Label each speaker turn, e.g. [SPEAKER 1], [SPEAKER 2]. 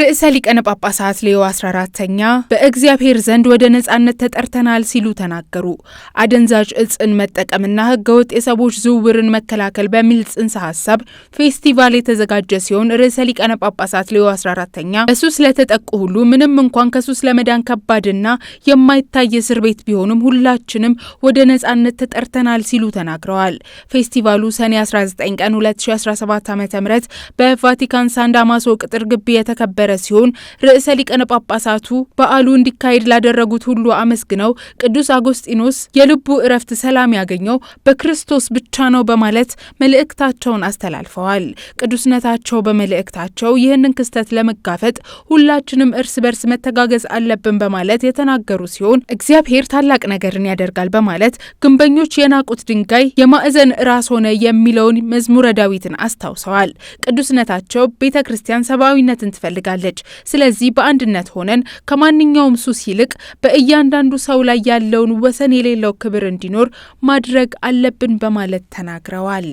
[SPEAKER 1] ርዕሰ ሊቀነ ጳጳሳት ሌዮ 14ተኛ በእግዚአብሔር ዘንድ ወደ ነጻነት ተጠርተናል ሲሉ ተናገሩ። አደንዛዥ እጽን መጠቀምና ህገወጥ የሰዎች ዝውውርን መከላከል በሚል ጽንሰ ሀሳብ ፌስቲቫል የተዘጋጀ ሲሆን ርዕሰ ሊቀነ ጳጳሳት ሌዮ 14ተኛ በሱስ ለተጠቁ ሁሉ ምንም እንኳን ከሱስ ለመዳን ከባድና የማይታይ እስር ቤት ቢሆንም ሁላችንም ወደ ነጻነት ተጠርተናል ሲሉ ተናግረዋል። ፌስቲቫሉ ሰኔ 19 ቀን 2017 ዓ ም በቫቲካን ሳንዳማሶ ቅጥር ግቢ የተከበረ የነበረ ሲሆን ርዕሰ ሊቀነ ጳጳሳቱ በዓሉ እንዲካሄድ ላደረጉት ሁሉ አመስግነው ቅዱስ አጎስጢኖስ የልቡ እረፍት ሰላም ያገኘው በክርስቶስ ብቻ ነው በማለት መልእክታቸውን አስተላልፈዋል። ቅዱስነታቸው በመልእክታቸው ይህንን ክስተት ለመጋፈጥ ሁላችንም እርስ በርስ መተጋገዝ አለብን በማለት የተናገሩ ሲሆን እግዚአብሔር ታላቅ ነገርን ያደርጋል በማለት ግንበኞች የናቁት ድንጋይ የማዕዘን ራስ ሆነ የሚለውን መዝሙረ ዳዊትን አስታውሰዋል። ቅዱስነታቸው ቤተ ክርስቲያን ሰብአዊነትን ትፈልጋል ትወዳለች። ስለዚህ በአንድነት ሆነን ከማንኛውም ሱስ ይልቅ በእያንዳንዱ ሰው ላይ ያለውን ወሰን የሌለው ክብር እንዲኖር ማድረግ አለብን በማለት ተናግረዋል።